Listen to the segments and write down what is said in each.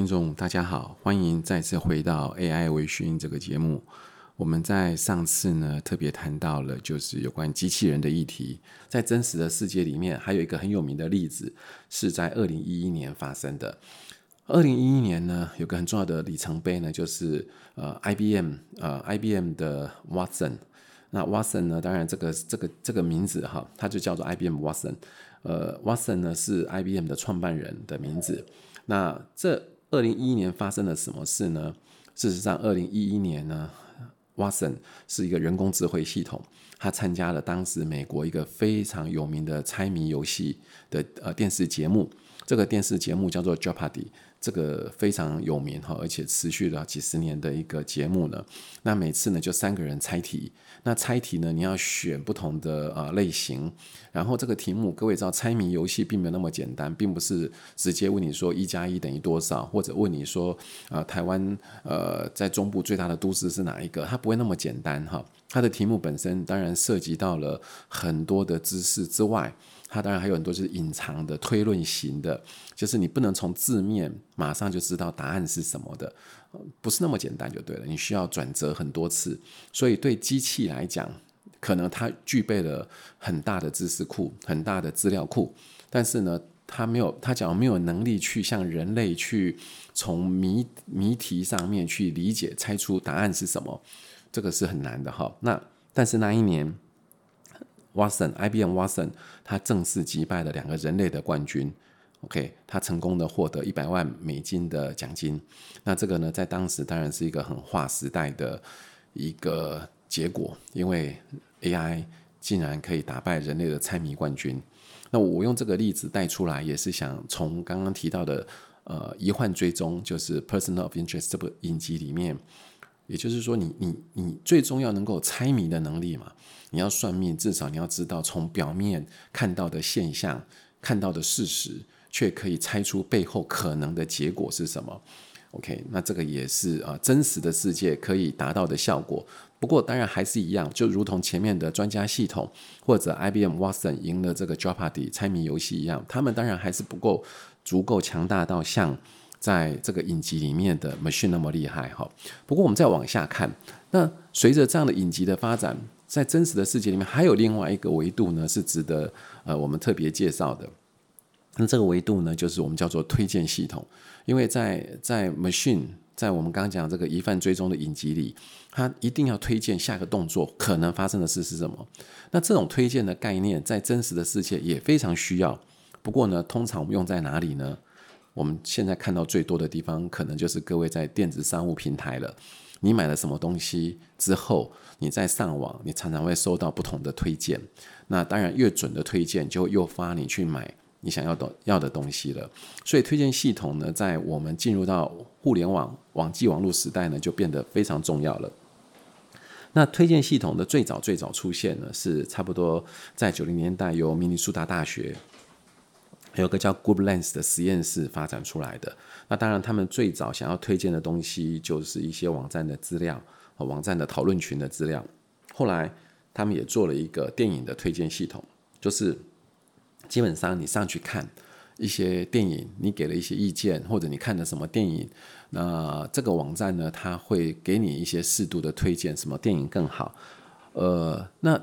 聽眾大家好，歡迎再次回到 AI 微醺這個節目。我們在上次呢特別談到了就是有關機器人的議題，在真實的世界裡面還有一個很有名的例子是在二零一一年發生的。二零一一年呢有個很重要的里程碑呢，就是呃 IBM 呃 IBM 的 Watson。那 Watson 呢，當然這個這個這個名字哈，它就叫做 IBM Watson。呃 Watson 呢是 IBM 的創辦人的名字。那這二零一一年發生了什麼事呢？事實上，二零一一年呢，Watson 是一個人工智慧系統，他參加了當時美國一個非常有名的猜謎遊戲的呃電視節目，這個電視節目叫做 Jeopardy。這個非常有名哈，而且持續了幾十年的一個節目呢。那每次呢就三個人猜題，那猜題呢，你要選不同的啊、呃、類型。然後這個題目各位知道，猜謎遊戲並沒有那麼簡單，並不是直接問你說一加一等於多少，或者問你說啊、呃、台灣呃在中部最大的都市是哪一個，它不會那麼簡單哈、哦。它的題目本身當然涉及到了很多的知識之外。它當然還有很多就是隱藏的推論型的，就是你不能從字面馬上就知道答案是什麼的，不是那麼簡單就對了。你需要轉折很多次，所以對機器來講，可能它具備了很大的知識庫、很大的資料庫，但是呢，它沒有，它講沒有能力去向人類去從謎謎題上面去理解、猜出答案是什麼，這個是很難的哈。那但是那一年。Watson，IBM Watson，它 Watson，正式擊敗了兩個人類的冠軍，OK，它成功的獲得一百萬美金的獎金。那這個呢，在當時當然是一個很劃時代的一個結果，因為 AI 竟然可以打敗人類的猜謎冠軍。那我用這個例子帶出來，也是想從剛剛提到的，呃，疑犯追蹤就是 Personal of Interest 這部影集裡面。也就是說你，你你你最終要能夠猜謎的能力嘛？你要算命，至少你要知道從表面看到的現象、看到的事實，卻可以猜出背後可能的結果是什麼。OK，那這個也是啊、呃，真實的世界可以達到的效果。不過，當然還是一樣，就如同前面的專家系統或者 IBM Watson 贏了這個 Jeopardy 猜謎遊戲一樣，他們當然還是不夠足夠強大到像。在這個影集裡面的 machine 那麼厲害哈，不過我們再往下看，那隨着這樣的影集的發展，在真實的世界裡面還有另外一個維度呢，是值得呃我們特別介紹的。那這個維度呢，就是我們叫做推薦系統，因為在在 machine 在我們剛剛講這個疑犯追蹤的影集裡，它一定要推薦下一個動作可能發生的事是什麼。那這種推薦的概念在真實的世界也非常需要，不過呢，通常我們用在哪裡呢？我們現在看到最多的地方，可能就是各位在電子商務平台了。你買了什麼東西之後，你在上網，你常常會收到不同的推薦。那當然，越準的推薦就誘發你去買你想要的要的東西了。所以，推薦系統呢，在我們進入到互聯網網際網絡時代呢，就變得非常重要了。那推薦系統的最早最早出現呢，是差不多在九零年代，由明尼蘇達大學。有個叫 GroupLens 的實驗室發展出來的。那當然，他們最早想要推薦的東西就是一些網站的資料、網站的討論群的資料。後來，他們也做了一個電影的推薦系統，就是基本上你上去看一些電影，你給了一些意見，或者你看了什麼電影，那這個網站呢，他會給你一些適度的推薦，什麼電影更好。呃，那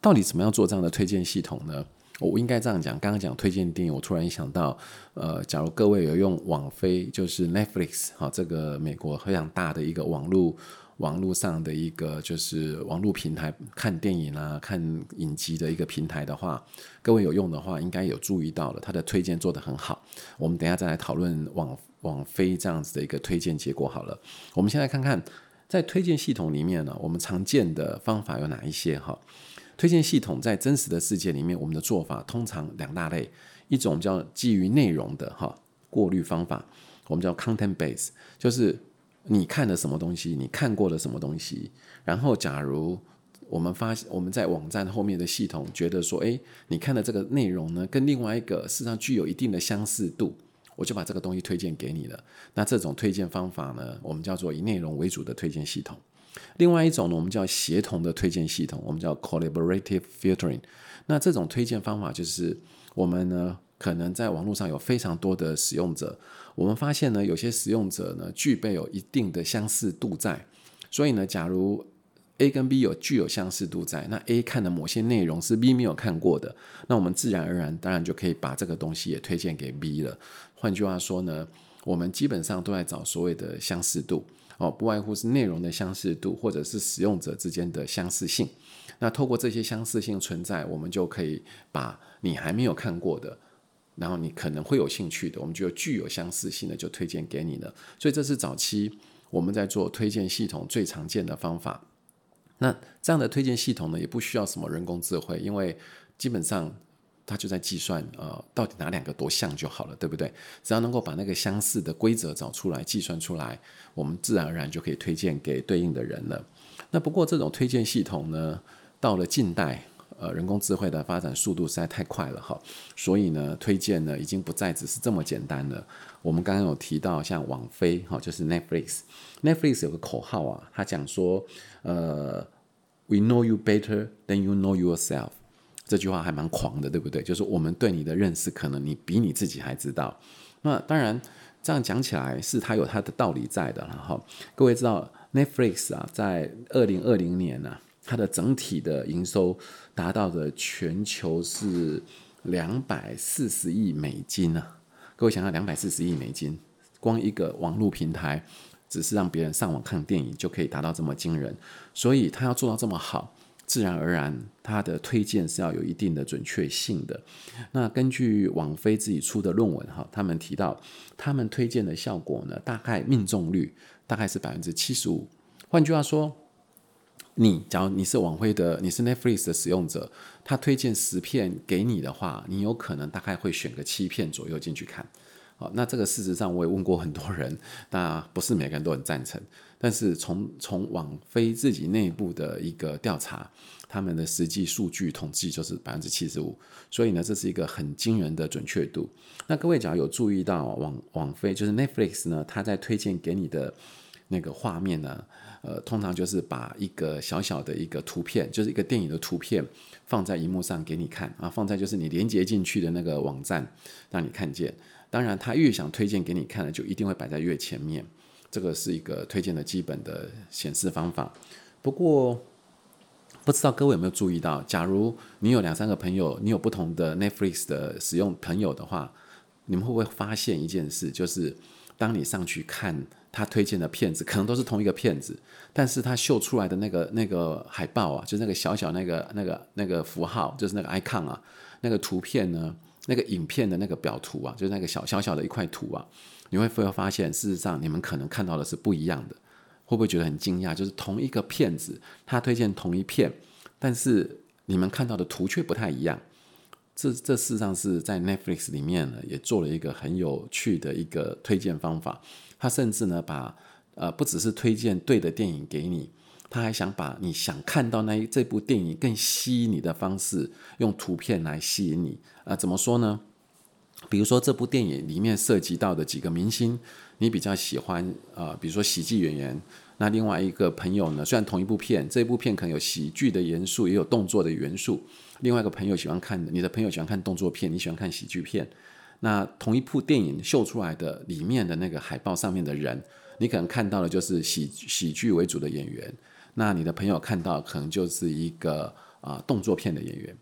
到底怎麼樣做這樣的推薦系統呢？我應該這樣講，剛剛講推薦電影，我突然想到，呃，假如各位有用網飛，就是 Netflix 哈、哦，這個美國非常大的一個網絡網絡上的一個就是網絡平台看電影啊、看影集的一個平台的話，各位有用的話，應該有注意到了，它的推薦做得很好。我們等一下再來討論網網飛這樣子的一個推薦結果好了。我們先來看看在推薦系統裡面呢、哦，我們常見的方法有哪一些哈？哦推薦系統在真實的世界裡面，我們的做法通常兩大類，一種叫基於內容的哈過濾方法，我們叫 content based，就是你看了什麼東西，你看過了什麼東西，然後假如我們發現我們在網站後面的系統覺得說，哎，你看的這個內容呢，跟另外一個事實上具有一定的相似度，我就把這個東西推薦給你了。那這種推薦方法呢，我們叫做以內容為主的推薦系統。另外一種呢，我們叫協同的推薦系統，我們叫 Collaborative Filtering。那這種推薦方法就是，我們呢可能在網絡上有非常多的使用者，我們發現呢有些使用者呢具備有一定的相似度在，所以呢假如 A 跟 B 有具有相似度在，那 A 看的某些內容是 B 沒有看過的，那我們自然而然當然就可以把這個東西也推薦給 B 了。換句話說呢，我們基本上都在找所謂的相似度。哦，不外乎是內容的相似度，或者是使用者之間的相似性。那透過這些相似性存在，我們就可以把你還沒有看過的，然後你可能會有興趣的，我們就具有相似性的就推薦給你了。所以這是早期我們在做推薦系統最常見的方法。那這樣的推薦系統呢，也不需要什麼人工智慧，因為基本上。它就在計算，呃，到底哪兩個多像就好了，對不對？只要能夠把那個相似的規則找出來、計算出來，我們自然而然就可以推薦給對應的人了。那不過這種推薦系統呢，到了近代，呃，人工智慧的發展速度實在太快了哈，所以呢，推薦呢已經不再只是這麼簡單了。我們剛剛有提到，像網飛哈、哦，就是 Netflix，Netflix 有個口號啊，他講說，呃，We know you better than you know yourself。這句話還蠻狂的，對不對？就是我們對你的認識，可能你比你自己還知道。那當然，這樣講起來是它有它的道理在的。然後，各位知道 Netflix 啊，在二零二零年呢，啊，它的整體的營收達到的全球是兩百四十億美金啊！各位想想，兩百四十億美金，光一個網絡平台，只是讓別人上網看電影就可以達到這麼驚人，所以它要做到這麼好。自然而然，他的推薦是要有一定的準確性的。那根據網飛自己出的論文哈，他們提到，他們推薦的效果呢，大概命中率大概是百分之七十五。換句話說，你假如你是網飛的，你是 Netflix 的使用者，他推薦十片給你的話，你有可能大概會選個七片左右進去看。好，那這個事實上我也問過很多人，那不是每個人都很贊成。但是從從網飛自己內部的一個調查，他們的實際數據統計就是百分之七十五，所以呢，這是一個很驚人的準確度。那各位只要有注意到網網飛就是 Netflix 呢，他在推薦給你的那個畫面呢，呃，通常就是把一個小小的一個圖片，就是一個電影的圖片放在熒幕上給你看啊，放在就是你連接進去的那個網站讓你看見。當然，他越想推薦給你看的，就一定會擺在越前面。這個是一個推薦的基本的顯示方法，不過不知道各位有沒有注意到，假如你有兩三個朋友，你有不同的 Netflix 的使用朋友的話，你們會不會發現一件事，就是當你上去看他推薦的片子，可能都是同一個片子，但是他秀出來的那個那個海報啊，就是那個小小那個那個那個符號，就是那個 icon 啊，那個圖片呢，那個影片的那個表圖啊，就是那個小小小的一塊圖啊。你會發現，事實上你們可能看到的是不一樣的，會不會覺得很驚訝？就是同一個片子，他推薦同一片，但是你們看到的圖卻不太一樣。這這事實上是在 Netflix 裡面呢，也做了一個很有趣的一個推薦方法。他甚至呢，把呃不只是推薦對的電影給你，他還想把你想看到那一這部電影更吸引你的方式，用圖片來吸引你。啊、呃，怎麼說呢？比如說，這部電影裡面涉及到的幾個明星，你比較喜歡啊、呃？比如說喜劇演員。那另外一個朋友呢？雖然同一部片，這部片可能有喜劇的元素，也有動作的元素。另外一個朋友喜歡看你的朋友喜歡看動作片，你喜歡看喜劇片。那同一部電影秀出來的裡面的那個海報上面的人，你可能看到的就是喜喜劇為主的演員。那你的朋友看到可能就是一個啊、呃、動作片的演員。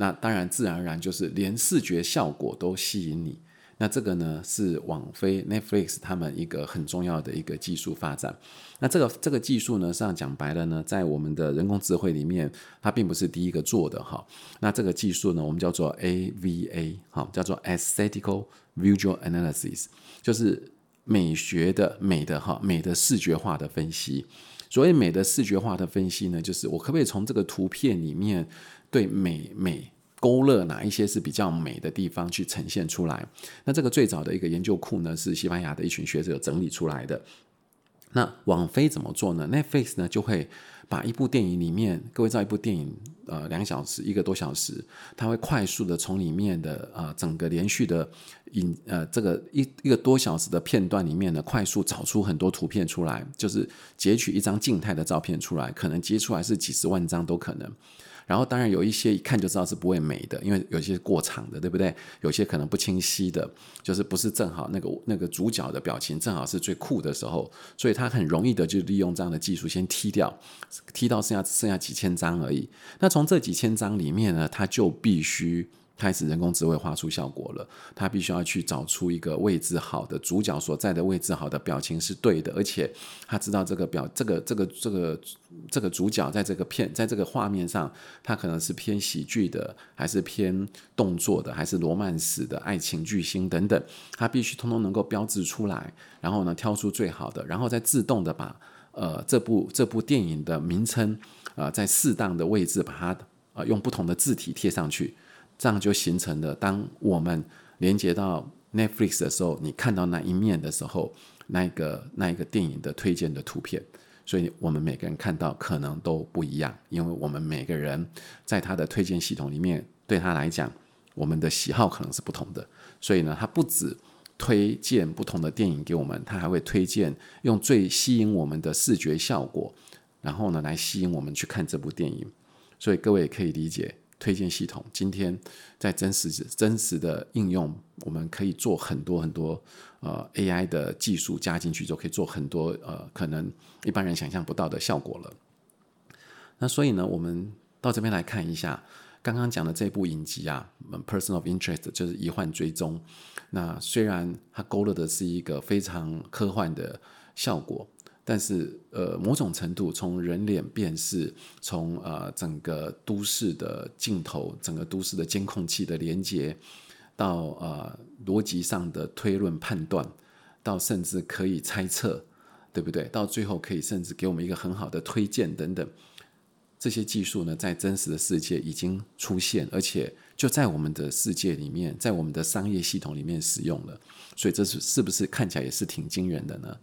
那當然，自然而然就是連視覺效果都吸引你。那這個呢，是網飛 Netflix 他們一個很重要的一個技術發展。那這個這個技術呢，實際上講白了呢，在我們的人工智慧裡面，它並不是第一個做的哈。那這個技術呢，我們叫做 AVA，哈，叫做 Aesthetical Visual Analysis，就是美學的美的哈，美的視覺化的分析。所以，美的視覺化的分析呢，就是我可不可以從這個圖片裡面，對美美勾勒哪一些是比較美的地方去呈現出來？那這個最早的一個研究庫呢，是西班牙的一群學者整理出來的。那網飛怎麼做呢？Netflix 呢就會把一部電影裡面，各位知道一部電影呃兩小時一個多小時，它會快速的從裡面的呃整個連續的影呃這個一一個多小時的片段裡面呢，快速找出很多圖片出來，就是截取一張靜態的照片出來，可能截出來是幾十萬張都可能。然後當然有一些一看就知道是不會美的，因為有些是過長的，對不對？有些可能不清晰的，就是不是正好那個那個主角的表情正好是最酷的時候，所以他很容易的就利用這樣的技術先踢掉，踢到剩下剩下幾千張而已。那從這幾千張裡面呢，他就必須。開始人工智慧畫出效果了，他必須要去找出一個位置好的主角所在的位置，好的表情是對的，而且他知道這個表這個這個這個、這個、這個主角在這個片，在這個畫面上，他可能是偏喜劇的，還是偏動作的，還是羅曼史的愛情巨星等等，他必須通通能夠標誌出來，然後呢，挑出最好的，然後再自動的把呃這部這部電影的名稱啊、呃、在適當的位置把它啊、呃、用不同的字體貼上去。這樣就形成了，當我們連接到 Netflix 的時候，你看到那一面的時候，那個那一個電影的推薦的圖片，所以我們每個人看到可能都不一樣，因為我們每個人在他的推薦系統裡面，對他來講，我們的喜好可能是不同的，所以呢，他不只推薦不同的電影給我們，他還會推薦用最吸引我們的視覺效果，然後呢，來吸引我們去看這部電影，所以各位可以理解。推薦系統今天在真實真實的應用，我們可以做很多很多，呃 AI 的技術加進去，就可以做很多呃可能一般人想象不到的效果了。那所以呢，我們到這邊來看一下剛剛講的這部影集啊，我們 Person of Interest 就是疑犯追蹤。那雖然它勾勒的是一個非常科幻的效果。但是，呃，某種程度，從人臉辨識，從呃整個都市的鏡頭、整個都市的監控器的連接，到呃邏輯上的推論、判斷，到甚至可以猜測，對不對？到最後可以甚至給我們一個很好的推薦等等，這些技術呢，在真實的世界已經出現，而且就在我們的世界裡面，在我們的商業系統裡面使用了。所以，這是是不是看起來也是挺驚人的呢？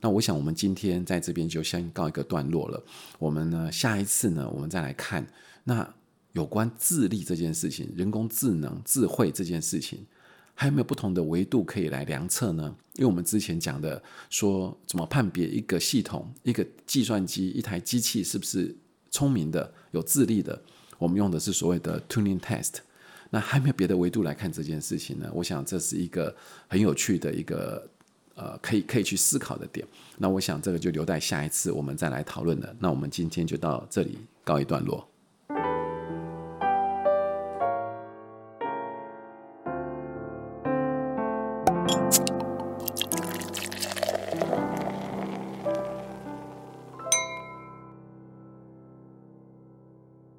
那我想，我們今天在這邊就先告一個段落了。我們呢，下一次呢，我們再來看，那有關智力這件事情，人工智能、智慧這件事情，還有沒有不同的維度可以來量測呢？因為我們之前講的，說怎麼判別一個系統、一個計算機、一台機器是不是聰明的、有智力的，我們用的是所謂的 Turing Test。那還有沒有別的維度來看這件事情呢？我想這是一個很有趣的一個。呃，可以可以去思考的點，那我想這個就留在下一次我們再來討論的。那我們今天就到這裡告一段落。